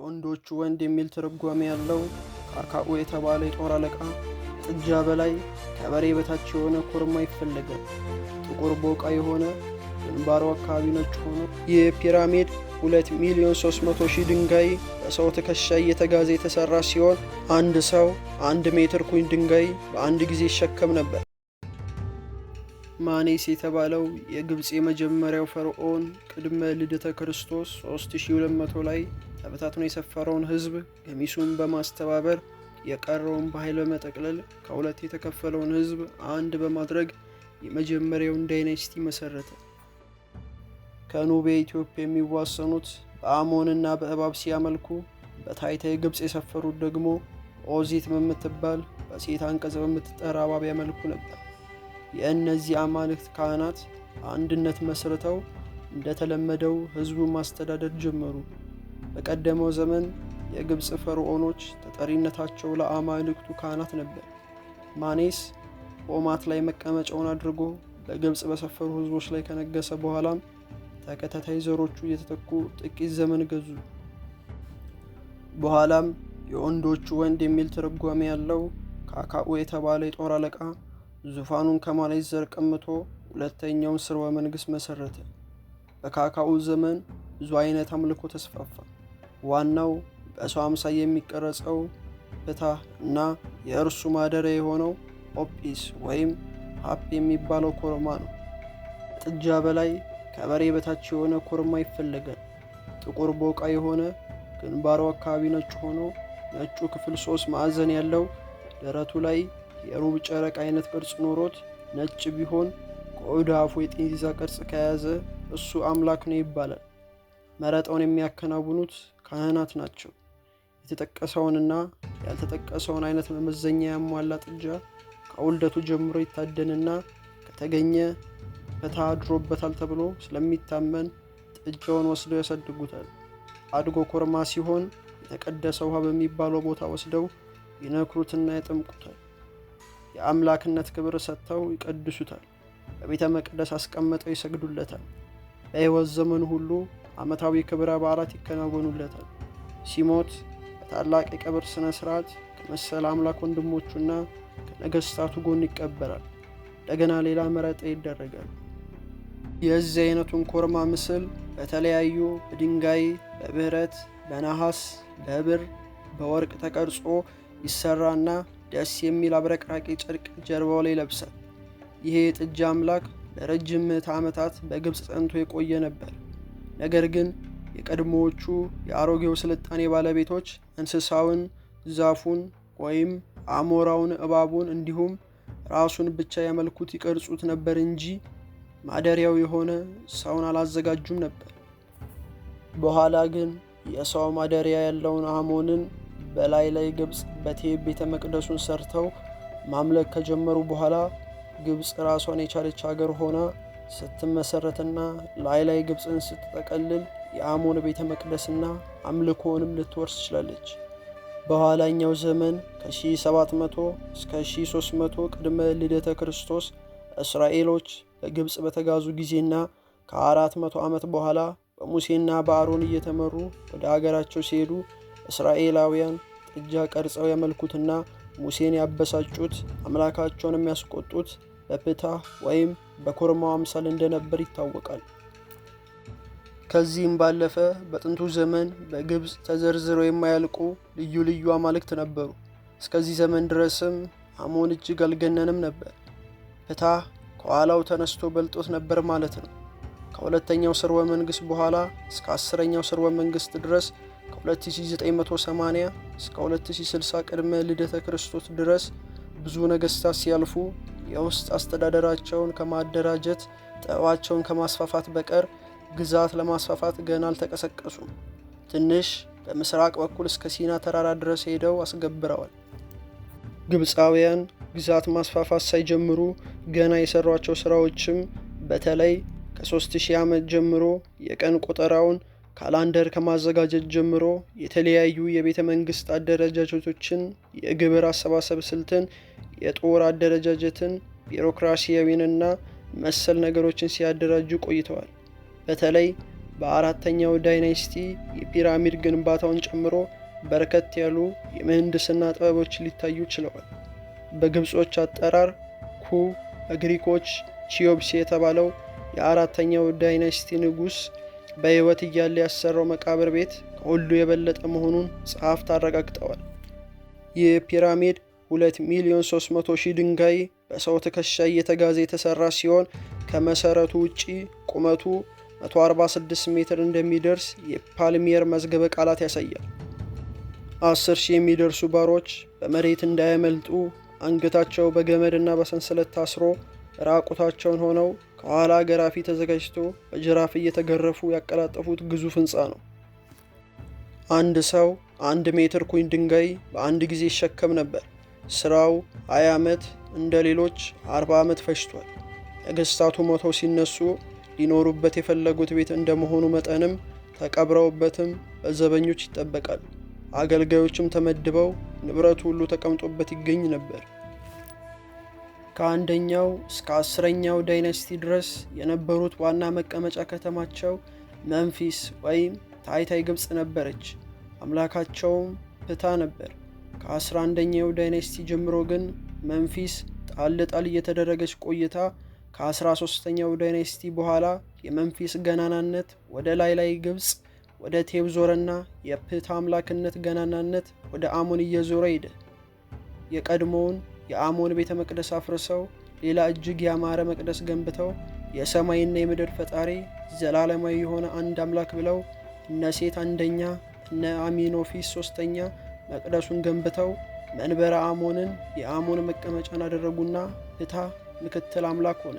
የወንዶቹ ወንድ የሚል ትርጓሜ ያለው ካርካኡ የተባለ የጦር አለቃ ጥጃ በላይ ከበሬ በታች የሆነ ኮርማ ይፈለጋል። ጥቁር ቦቃ የሆነ ግንባሩ አካባቢ ነጭ ሆኖ የፒራሚድ 2 ሚሊዮን 300 ሺህ ድንጋይ በሰው ትከሻ እየተጋዘ የተሰራ ሲሆን አንድ ሰው አንድ ሜትር ኩኝ ድንጋይ በአንድ ጊዜ ይሸከም ነበር። ማኔስ የተባለው የግብፅ የመጀመሪያው ፈርዖን ቅድመ ልደተ ክርስቶስ 3200 ላይ ተበታትኖ የሰፈረውን ህዝብ ገሚሱን በማስተባበር የቀረውን በኃይል በመጠቅለል ከሁለት የተከፈለውን ህዝብ አንድ በማድረግ የመጀመሪያውን ዳይናስቲ መሰረተ። ከኑቤ ኢትዮጵያ የሚዋሰኑት በአሞንና በእባብ ሲያመልኩ፣ በታይታ ግብፅ የሰፈሩት ደግሞ ኦዚት በምትባል በሴት አንቀጽ በምትጠራ እባብ ያመልኩ ነበር። የእነዚህ አማልክት ካህናት አንድነት መስርተው እንደተለመደው ህዝቡ ማስተዳደር ጀመሩ። በቀደመው ዘመን የግብፅ ፈርዖኖች ተጠሪነታቸው ለአማልክቱ ካህናት ነበር። ማኔስ ቆማት ላይ መቀመጫውን አድርጎ በግብፅ በሰፈሩ ህዝቦች ላይ ከነገሰ በኋላም ተከታታይ ዘሮቹ እየተተኩ ጥቂት ዘመን ገዙ። በኋላም የወንዶቹ ወንድ የሚል ትርጓሜ ያለው ካካኡ የተባለ የጦር አለቃ ዙፋኑን ከማኔስ ዘር ቀምቶ ሁለተኛውን ስርወ መንግስት መሰረተ። በካካኡ ዘመን ብዙ አይነት አምልኮ ተስፋፋ። ዋናው በሰው አምሳይ የሚቀረጸው ፍታ እና የእርሱ ማደሪያ የሆነው ኦጲስ ወይም ሀፕ የሚባለው ኮርማ ነው። ጥጃ በላይ ከበሬ በታች የሆነ ኮርማ ይፈለጋል። ጥቁር ቦቃ የሆነ ግንባሩ አካባቢ ነጭ ሆኖ ነጩ ክፍል ሶስት ማዕዘን ያለው ደረቱ ላይ የሩብ ጨረቅ አይነት ቅርጽ ኖሮት ነጭ ቢሆን ከኦዳ አፉ የጤንዚዛ ቅርጽ ከያዘ እሱ አምላክ ነው ይባላል። መረጣውን የሚያከናውኑት ካህናት ናቸው። የተጠቀሰውንና ያልተጠቀሰውን አይነት መመዘኛ ያሟላ ጥጃ ከውልደቱ ጀምሮ ይታደንና ከተገኘ በታ አድሮበታል ተብሎ ስለሚታመን ጥጃውን ወስደው ያሳድጉታል። አድጎ ኮርማ ሲሆን የተቀደሰ ውሃ በሚባለው ቦታ ወስደው ይነክሩትና ያጠምቁታል። የአምላክነት ክብር ሰጥተው ይቀድሱታል። በቤተ መቅደስ አስቀምጠው ይሰግዱለታል። በሕይወት ዘመኑ ሁሉ ዓመታዊ ክብረ በዓላት ይከናወኑለታል። ሲሞት በታላቅ የቀብር ሥነ ሥርዓት ከመሰል አምላክ ወንድሞቹና ከነገሥታቱ ጎን ይቀበራል። እንደገና ሌላ መረጣ ይደረጋል። የዚህ አይነቱን ኮርማ ምስል በተለያዩ በድንጋይ፣ በብረት፣ በነሐስ፣ በብር፣ በወርቅ ተቀርጾ ይሰራና ደስ የሚል አብረቅራቂ ጨርቅ ጀርባው ላይ ይለብሳል። ይሄ የጥጃ አምላክ ለረጅም ምዕተ ዓመታት በግብፅ ጸንቶ የቆየ ነበር። ነገር ግን የቀድሞዎቹ የአሮጌው ስልጣኔ ባለቤቶች እንስሳውን፣ ዛፉን ወይም አሞራውን፣ እባቡን እንዲሁም ራሱን ብቻ ያመልኩት ይቀርጹት ነበር እንጂ ማደሪያው የሆነ ሰውን አላዘጋጁም ነበር። በኋላ ግን የሰው ማደሪያ ያለውን አሞንን በላይ ላይ ግብፅ በቴብ ቤተ መቅደሱን ሰርተው ማምለክ ከጀመሩ በኋላ ግብፅ ራሷን የቻለች ሀገር ሆና ስትመሰረትና ላይ ላይ ግብፅን ስትጠቀልል የአሞን ቤተ መቅደስና አምልኮውንም ልትወርስ ችላለች። በኋላኛው ዘመን ከ700 እስከ 300 ቅድመ ልደተ ክርስቶስ እስራኤሎች በግብፅ በተጋዙ ጊዜና ከ400 ዓመት በኋላ በሙሴና በአሮን እየተመሩ ወደ አገራቸው ሲሄዱ እስራኤላውያን ጥጃ ቀርጸው ያመልኩትና ሙሴን ያበሳጩት አምላካቸውን የሚያስቆጡት በፕታ ወይም በኮርማው አምሳል እንደነበር ይታወቃል። ከዚህም ባለፈ በጥንቱ ዘመን በግብፅ ተዘርዝረው የማያልቁ ልዩ ልዩ አማልክት ነበሩ። እስከዚህ ዘመን ድረስም አሞን እጅግ አልገነንም ነበር። ፕታ ከኋላው ተነስቶ በልጦት ነበር ማለት ነው። ከሁለተኛው ስርወ መንግስት በኋላ እስከ አስረኛው ስርወ መንግስት ድረስ ከ2980 እስከ 2060 ቅድመ ልደተ ክርስቶስ ድረስ ብዙ ነገስታት ሲያልፉ የውስጥ አስተዳደራቸውን ከማደራጀት ጠባቸውን ከማስፋፋት በቀር ግዛት ለማስፋፋት ገና አልተቀሰቀሱም። ትንሽ በምስራቅ በኩል እስከ ሲና ተራራ ድረስ ሄደው አስገብረዋል። ግብፃውያን ግዛት ማስፋፋት ሳይጀምሩ ገና የሰሯቸው ስራዎችም በተለይ ከ3000 ዓመት ጀምሮ የቀን ቆጠራውን ካላንደር ከማዘጋጀት ጀምሮ የተለያዩ የቤተ መንግስት አደረጃጀቶችን፣ የግብር አሰባሰብ ስልትን የጦር አደረጃጀትን፣ ቢሮክራሲያዊንና መሰል ነገሮችን ሲያደራጁ ቆይተዋል። በተለይ በአራተኛው ዳይናስቲ የፒራሚድ ግንባታውን ጨምሮ በርከት ያሉ የምህንድስና ጥበቦች ሊታዩ ችለዋል። በግብጾች አጠራር ኩ በግሪኮች ቺዮፕስ የተባለው የአራተኛው ዳይናስቲ ንጉሥ በሕይወት እያለ ያሰራው መቃብር ቤት ከሁሉ የበለጠ መሆኑን ጸሐፍት አረጋግጠዋል። ይህ ፒራሚድ 2 ሚሊዮን 300 ሺህ ድንጋይ በሰው ትከሻ እየተጋዘ የተሰራ ሲሆን ከመሰረቱ ውጪ ቁመቱ 146 ሜትር እንደሚደርስ የፓልሚየር መዝገበ ቃላት ያሳያል። 10 ሺህ የሚደርሱ ባሮች በመሬት እንዳያመልጡ አንገታቸው በገመድና በሰንሰለት ታስሮ ራቁታቸውን ሆነው ከኋላ ገራፊ ተዘጋጅቶ በጅራፍ እየተገረፉ ያቀላጠፉት ግዙፍ ህንፃ ነው። አንድ ሰው አንድ ሜትር ኩኝ ድንጋይ በአንድ ጊዜ ይሸከም ነበር። ስራው 20 ዓመት እንደ ሌሎች 40 ዓመት ፈጅቷል። ነገሥታቱ ሞተው ሲነሱ ሊኖሩበት የፈለጉት ቤት እንደመሆኑ መጠንም ተቀብረውበትም በዘበኞች ይጠበቃል። አገልጋዮችም ተመድበው ንብረቱ ሁሉ ተቀምጦበት ይገኝ ነበር። ከአንደኛው እስከ አስረኛው ዳይነስቲ ድረስ የነበሩት ዋና መቀመጫ ከተማቸው መንፊስ ወይም ታይታይ ግብፅ ነበረች። አምላካቸውም ፍታ ነበር። ከ11ኛው ዳይናስቲ ጀምሮ ግን መንፊስ ጣል ጣል እየተደረገች ቆይታ ከ13ኛው ዳይናስቲ በኋላ የመንፊስ ገናናነት ወደ ላይ ላይ ግብፅ ወደ ቴብ ዞረና የፕት አምላክነት ገናናነት ወደ አሞን እየዞረ ሄደ። የቀድሞውን የአሞን ቤተ መቅደስ አፍርሰው ሌላ እጅግ ያማረ መቅደስ ገንብተው የሰማይና የምድር ፈጣሪ ዘላለማዊ የሆነ አንድ አምላክ ብለው እነ ሴት አንደኛ፣ እነ አሚኖፊስ ሶስተኛ መቅደሱን ገንብተው መንበረ አሞንን የአሞን መቀመጫን አደረጉና ፍታ ምክትል አምላክ ሆነ።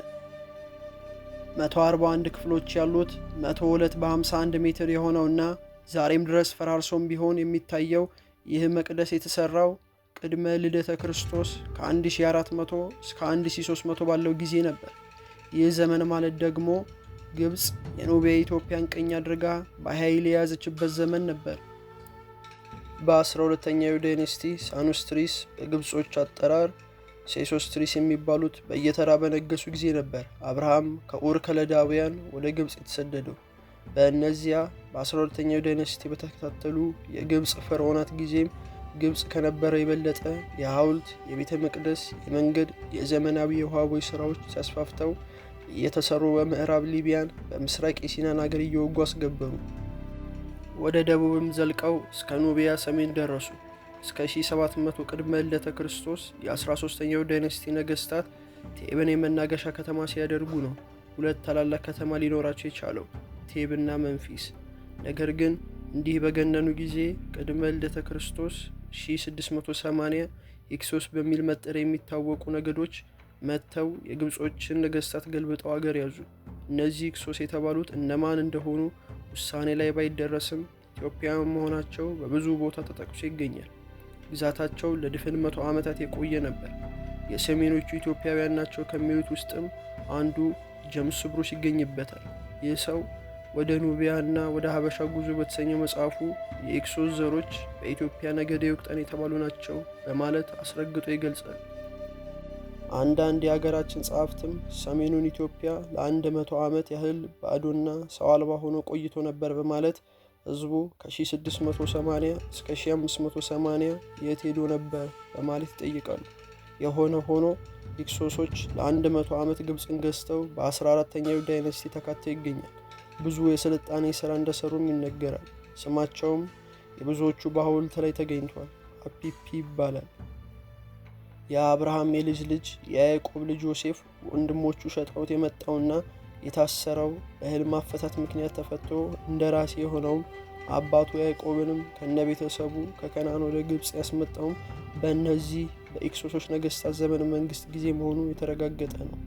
141 ክፍሎች ያሉት 102 በ51 ሜትር የሆነውና ዛሬም ድረስ ፈራርሶም ቢሆን የሚታየው ይህ መቅደስ የተሰራው ቅድመ ልደተ ክርስቶስ ከ1400 እስከ 1300 ባለው ጊዜ ነበር። ይህ ዘመን ማለት ደግሞ ግብፅ የኖቢያ ኢትዮጵያን ቀኝ አድርጋ በኃይል የያዘችበት ዘመን ነበር። በ12ኛው ዳይነስቲ ሳኑስትሪስ በግብጾች አጠራር ሴሶስትሪስ የሚባሉት በየተራ በነገሱ ጊዜ ነበር አብርሃም ከኡር ከለዳውያን ወደ ግብፅ የተሰደደው። በእነዚያ በ12ኛው ዳይነስቲ በተከታተሉ የግብፅ ፈርዖናት ጊዜም ግብፅ ከነበረ የበለጠ የሐውልት፣ የቤተ መቅደስ፣ የመንገድ፣ የዘመናዊ የውሃቦይ ስራዎች ሲያስፋፍተው እየተሰሩ በምዕራብ ሊቢያን በምስራቅ የሲናን አገር እየወጉ አስገበሩ። ወደ ደቡብም ዘልቀው እስከ ኑቢያ ሰሜን ደረሱ። እስከ 1700 ቅድመ ልደተ ክርስቶስ የ13ኛው ዳይነስቲ ነገስታት ቴብን የመናገሻ ከተማ ሲያደርጉ ነው ሁለት ታላላቅ ከተማ ሊኖራቸው የቻለው ቴብና መንፊስ። ነገር ግን እንዲህ በገነኑ ጊዜ ቅድመ ልደተ ክርስቶስ 1680 ኢክሶስ በሚል መጠሪያ የሚታወቁ ነገዶች መጥተው የግብጾችን ነገስታት ገልብጠው አገር ያዙ። እነዚህ ኢክሶስ የተባሉት እነማን እንደሆኑ ውሳኔ ላይ ባይደረስም ኢትዮጵያውያን መሆናቸው በብዙ ቦታ ተጠቅሶ ይገኛል። ግዛታቸው ለድፍን መቶ ዓመታት የቆየ ነበር። የሰሜኖቹ ኢትዮጵያውያን ናቸው ከሚሉት ውስጥም አንዱ ጀምስ ብሩስ ይገኝበታል። ይህ ሰው ወደ ኑቢያ እና ወደ ሀበሻ ጉዞ በተሰኘው መጽሐፉ የኤክሶስ ዘሮች በኢትዮጵያ ነገደ ዮቅጠን የተባሉ ናቸው በማለት አስረግጦ ይገልጻል። አንዳንድ የሀገራችን ጸሐፍትም ሰሜኑን ኢትዮጵያ ለአንድ መቶ ዓመት ያህል ባዶና ሰው አልባ ሆኖ ቆይቶ ነበር በማለት ህዝቡ ከ1680 እስከ 1580 የት ሄዶ ነበር በማለት ይጠይቃሉ። የሆነ ሆኖ ኢክሶሶች ለ100 ዓመት ግብፅን ገዝተው በ14ተኛው ዳይነስቲ ተካተው ይገኛል። ብዙ የስልጣኔ ስራ እንደሰሩም ይነገራል። ስማቸውም የብዙዎቹ በሐውልት ላይ ተገኝቷል። አፒፒ ይባላል። የአብርሃም የልጅ ልጅ የያዕቆብ ልጅ ዮሴፍ ወንድሞቹ ሸጠውት የመጣውና የታሰረው እህል ማፈታት ምክንያት ተፈቶ እንደ ራሴ የሆነውም አባቱ ያዕቆብንም ከነ ቤተሰቡ ከከናን ወደ ግብፅ ያስመጣውም በእነዚህ በኢክሶሶች ነገስታት ዘመን መንግስት ጊዜ መሆኑ የተረጋገጠ ነው።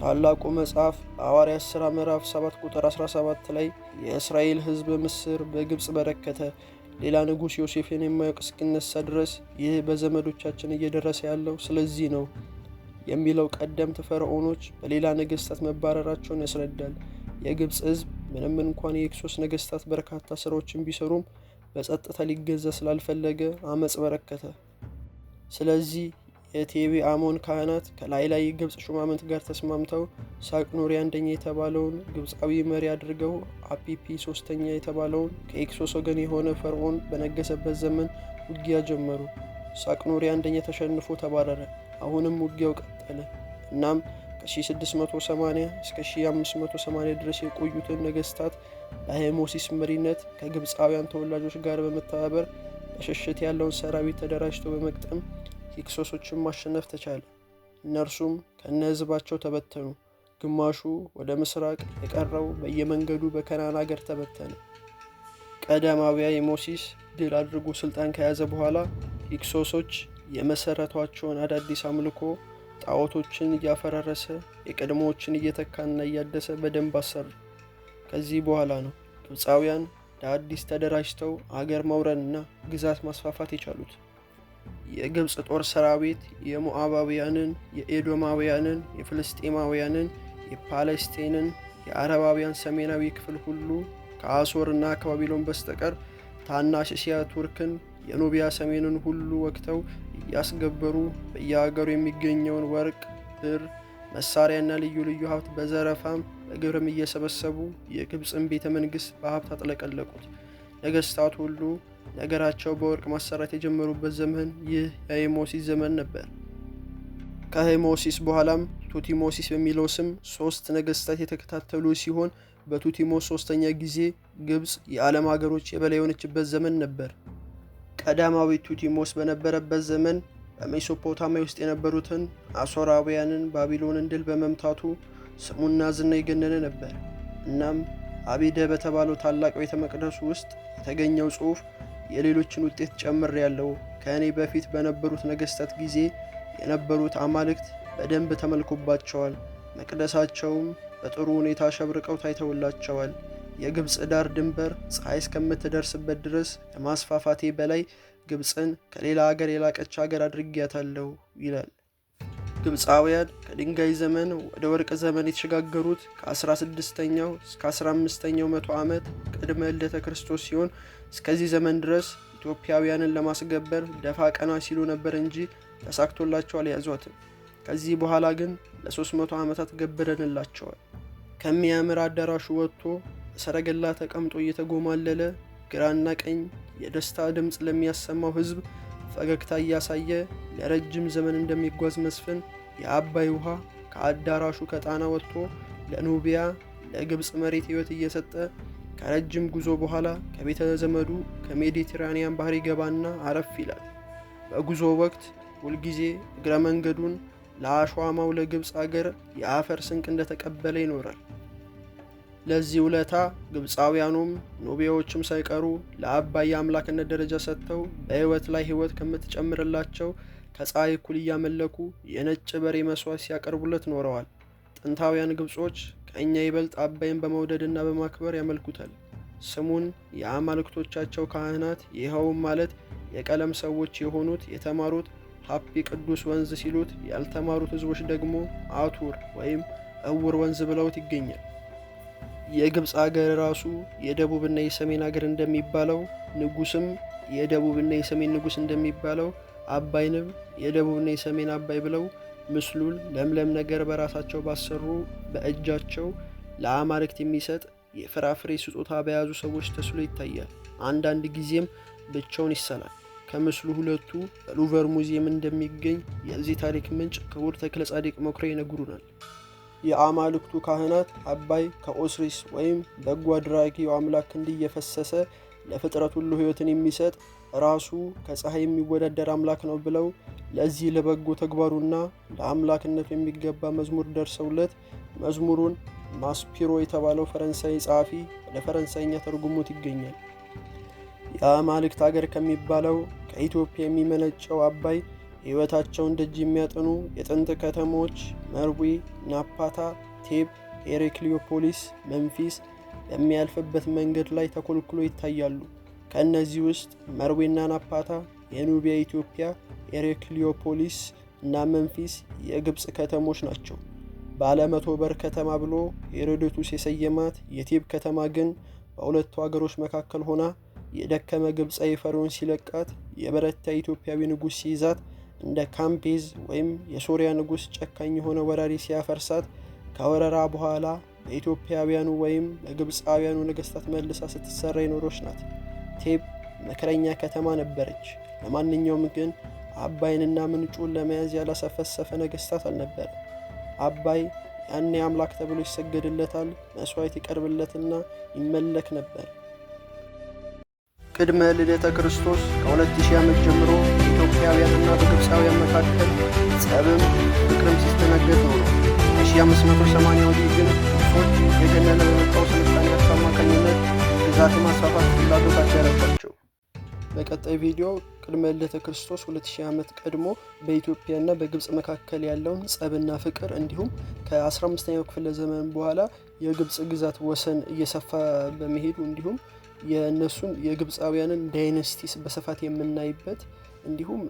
ታላቁ መጽሐፍ ሐዋርያት ሥራ ምዕራፍ 7 ቁጥር 17 ላይ የእስራኤል ሕዝብ ምስር በግብፅ በረከተ ሌላ ንጉሥ ዮሴፍን የማያውቅ እስኪነሳ ድረስ ይህ በዘመዶቻችን እየደረሰ ያለው ስለዚህ ነው የሚለው ቀደምት ፈርዖኖች በሌላ ነገስታት መባረራቸውን ያስረዳል። የግብፅ ህዝብ ምንም እንኳን የክሶስ ነገስታት በርካታ ስራዎችን ቢሰሩም በጸጥታ ሊገዛ ስላልፈለገ አመፅ በረከተ። ስለዚህ የቴቢ አሞን ካህናት ከላይላይ ግብፅ ሹማምንት ጋር ተስማምተው ሳቅኖሪ አንደኛ የተባለውን ግብፃዊ መሪ አድርገው አፒፒ ሶስተኛ የተባለውን ከኤክሶስ ወገን የሆነ ፈርዖን በነገሰበት ዘመን ውጊያ ጀመሩ። ሳቅኖሪ አንደኛ ተሸንፎ ተባረረ። አሁንም ውጊያው ቀጠለ። እናም ከ680 እስከ 580 ድረስ የቆዩትን ነገስታት በሃይሞሲስ መሪነት ከግብፃውያን ተወላጆች ጋር በመተባበር በሽሽት ያለውን ሰራዊት ተደራጅቶ በመቅጠም ሂክሶሶችን ማሸነፍ ተቻለ። እነርሱም ከነ ህዝባቸው ተበተኑ። ግማሹ ወደ ምስራቅ፣ የቀረው በየመንገዱ በከናን አገር ተበተነ። ቀዳማዊያ የሞሲስ ድል አድርጎ ስልጣን ከያዘ በኋላ ሂክሶሶች የመሰረቷቸውን አዳዲስ አምልኮ ጣዖቶችን እያፈራረሰ የቀድሞዎችን እየተካና እያደሰ በደንብ አሰሩ። ከዚህ በኋላ ነው ግብፃውያን ለአዲስ ተደራጅተው አገር መውረንና ግዛት ማስፋፋት የቻሉት። የግብፅ ጦር ሰራዊት የሞዓባውያንን፣ የኤዶማውያንን፣ የፍልስጤማውያንን፣ የፓሌስቲንን፣ የአረባውያን ሰሜናዊ ክፍል ሁሉ ከአሶርና ከባቢሎን በስተቀር ታናሽ እስያ ቱርክን፣ የኑቢያ ሰሜንን ሁሉ ወቅተው እያስገበሩ በየሀገሩ የሚገኘውን ወርቅ፣ ብር፣ መሳሪያና ልዩ ልዩ ሀብት በዘረፋም በግብርም እየሰበሰቡ የግብፅን ቤተ መንግስት በሀብት አጥለቀለቁት። ነገስታት ሁሉ ነገራቸው በወርቅ ማሰራት የጀመሩበት ዘመን ይህ የሃይሞሲስ ዘመን ነበር። ከሃይሞሲስ በኋላም ቱቲሞሲስ በሚለው ስም ሶስት ነገስታት የተከታተሉ ሲሆን በቱቲሞስ ሶስተኛ ጊዜ ግብፅ የዓለም ሀገሮች የበላይ የሆነችበት ዘመን ነበር። ቀዳማዊ ቱቲሞስ በነበረበት ዘመን በሜሶፖታሚያ ውስጥ የነበሩትን አሶራውያንን ባቢሎንን ድል በመምታቱ ስሙና ዝና የገነነ ነበር። እናም አቢደ በተባለው ታላቅ ቤተ መቅደሱ ውስጥ የተገኘው ጽሑፍ የሌሎችን ውጤት ጨምር ያለው ከእኔ በፊት በነበሩት ነገስታት ጊዜ የነበሩት አማልክት በደንብ ተመልኮባቸዋል። መቅደሳቸውም በጥሩ ሁኔታ አሸብርቀው ታይተውላቸዋል። የግብፅ ዳር ድንበር ፀሐይ እስከምትደርስበት ድረስ ከማስፋፋቴ በላይ ግብፅን ከሌላ አገር የላቀች አገር አድርጊያታለሁ ይላል። ግብፃውያን ከድንጋይ ዘመን ወደ ወርቅ ዘመን የተሸጋገሩት ከ16ኛው እስከ 15ኛው መቶ ዓመት ቅድመ ልደተ ክርስቶስ ሲሆን እስከዚህ ዘመን ድረስ ኢትዮጵያውያንን ለማስገበር ደፋ ቀና ሲሉ ነበር እንጂ ተሳክቶላቸው አልያዟትም። ከዚህ በኋላ ግን ለ300 ዓመታት ገብረንላቸዋል። ከሚያምር አዳራሹ ወጥቶ በሰረገላ ተቀምጦ እየተጎማለለ ግራና ቀኝ የደስታ ድምፅ ለሚያሰማው ህዝብ። ፈገግታ እያሳየ ለረጅም ዘመን እንደሚጓዝ መስፍን የአባይ ውሃ ከአዳራሹ ከጣና ወጥቶ ለኑቢያ ለግብፅ መሬት ሕይወት እየሰጠ ከረጅም ጉዞ በኋላ ከቤተ ዘመዱ ከሜዲትራኒያን ባህር ይገባና አረፍ ይላል። በጉዞ ወቅት ሁልጊዜ እግረ መንገዱን ለአሸዋማው ለግብፅ አገር የአፈር ስንቅ እንደተቀበለ ይኖራል። ለዚህ ውለታ ግብፃውያኑም ኑቢያዎችም ሳይቀሩ ለአባይ የአምላክነት ደረጃ ሰጥተው በሕይወት ላይ ሕይወት ከምትጨምርላቸው ከፀሐይ እኩል እያመለኩ የነጭ በሬ መስዋዕት ሲያቀርቡለት ኖረዋል። ጥንታውያን ግብጾች ከእኛ ይበልጥ አባይን በመውደድና በማክበር ያመልኩታል። ስሙን የአማልክቶቻቸው ካህናት ይኸውም ማለት የቀለም ሰዎች የሆኑት የተማሩት ሀፒ ቅዱስ ወንዝ ሲሉት ያልተማሩት ሕዝቦች ደግሞ አቱር ወይም እውር ወንዝ ብለውት ይገኛል። የግብፅ ሀገር ራሱ የደቡብና የሰሜን ሀገር እንደሚባለው ንጉስም የደቡብና የሰሜን ንጉስ እንደሚባለው አባይንም የደቡብና የሰሜን አባይ ብለው ምስሉን ለምለም ነገር በራሳቸው ባሰሩ በእጃቸው ለአማልክት የሚሰጥ የፍራፍሬ ስጦታ በያዙ ሰዎች ተስሎ ይታያል። አንዳንድ ጊዜም ብቻውን ይሰናል። ከምስሉ ሁለቱ በሉቨር ሙዚየም እንደሚገኝ የዚህ ታሪክ ምንጭ ክቡር ተክለ ጻድቅ መኩሪያ ይነግሩናል። የአማልክቱ ካህናት አባይ ከኦስሪስ ወይም በጎ አድራጊው አምላክ እንዲህ እየፈሰሰ ለፍጥረት ሁሉ ሕይወትን የሚሰጥ ራሱ ከፀሐይ የሚወዳደር አምላክ ነው ብለው ለዚህ ለበጎ ተግባሩና ለአምላክነቱ የሚገባ መዝሙር ደርሰውለት መዝሙሩን ማስፒሮ የተባለው ፈረንሳይ ጸሐፊ ወደ ፈረንሳይኛ ተርጉሞት ይገኛል። የአማልክት አገር ከሚባለው ከኢትዮጵያ የሚመነጨው አባይ ሕይወታቸውን ደጅ የሚያጠኑ የጥንት ከተሞች መርዊ፣ ናፓታ፣ ቴብ፣ ሄሬክሊዮፖሊስ፣ መንፊስ በሚያልፍበት መንገድ ላይ ተኮልኩሎ ይታያሉ። ከእነዚህ ውስጥ መርዌና ናፓታ የኑቢያ ኢትዮጵያ፣ ሄሬክሊዮፖሊስ እና መንፊስ የግብፅ ከተሞች ናቸው። ባለ መቶ በር ከተማ ብሎ ሄሮዶቱስ የሰየማት የቴብ ከተማ ግን በሁለቱ አገሮች መካከል ሆና የደከመ ግብፃዊ ፈርዖን ሲለቃት የበረታ ኢትዮጵያዊ ንጉሥ ሲይዛት እንደ ካምፔዝ ወይም የሶሪያ ንጉሥ ጨካኝ የሆነ ወራሪ ሲያፈርሳት ከወረራ በኋላ በኢትዮጵያውያኑ ወይም በግብፃውያኑ ነገሥታት መልሳ ስትሰራ የኖሮች ናት። ቴብ መከረኛ ከተማ ነበረች። ለማንኛውም ግን አባይንና ምንጩን ለመያዝ ያላሰፈሰፈ ነገሥታት አልነበረ። አባይ ያኔ አምላክ ተብሎ ይሰገድለታል፣ መሥዋዕት ይቀርብለትና ይመለክ ነበር። ቅድመ ልደተ ክርስቶስ ከ2000 ዓመት ጀምሮ በኢትዮጵያውያንና በግብፃውያን መካከል ጸብም ፍቅርም ሲስተናገድ ነው። ከሺ ሺ580 ወዲህ ግን ፎች የገነነ በመጣው ስልጣኔያቸው አማካኝነት ግዛት ማስፋፋት ፍላጎታቸው ያለባቸው። በቀጣይ ቪዲዮ ቅድመ ልደተ ክርስቶስ 2000 ዓመት ቀድሞ በኢትዮጵያና በግብፅ መካከል ያለውን ጸብና ፍቅር እንዲሁም ከ15ኛው ክፍለ ዘመን በኋላ የግብፅ ግዛት ወሰን እየሰፋ በመሄዱ እንዲሁም የእነሱን የግብፃውያንን ዳይነስቲስ በስፋት የምናይበት እንዲሁም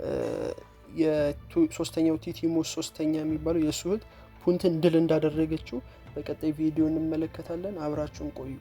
ሶስተኛው ቲቲሞስ ሶስተኛ የሚባለው የእሱ እህት ፑንትን ድል እንዳደረገችው በቀጣይ ቪዲዮ እንመለከታለን። አብራችሁን ቆዩ።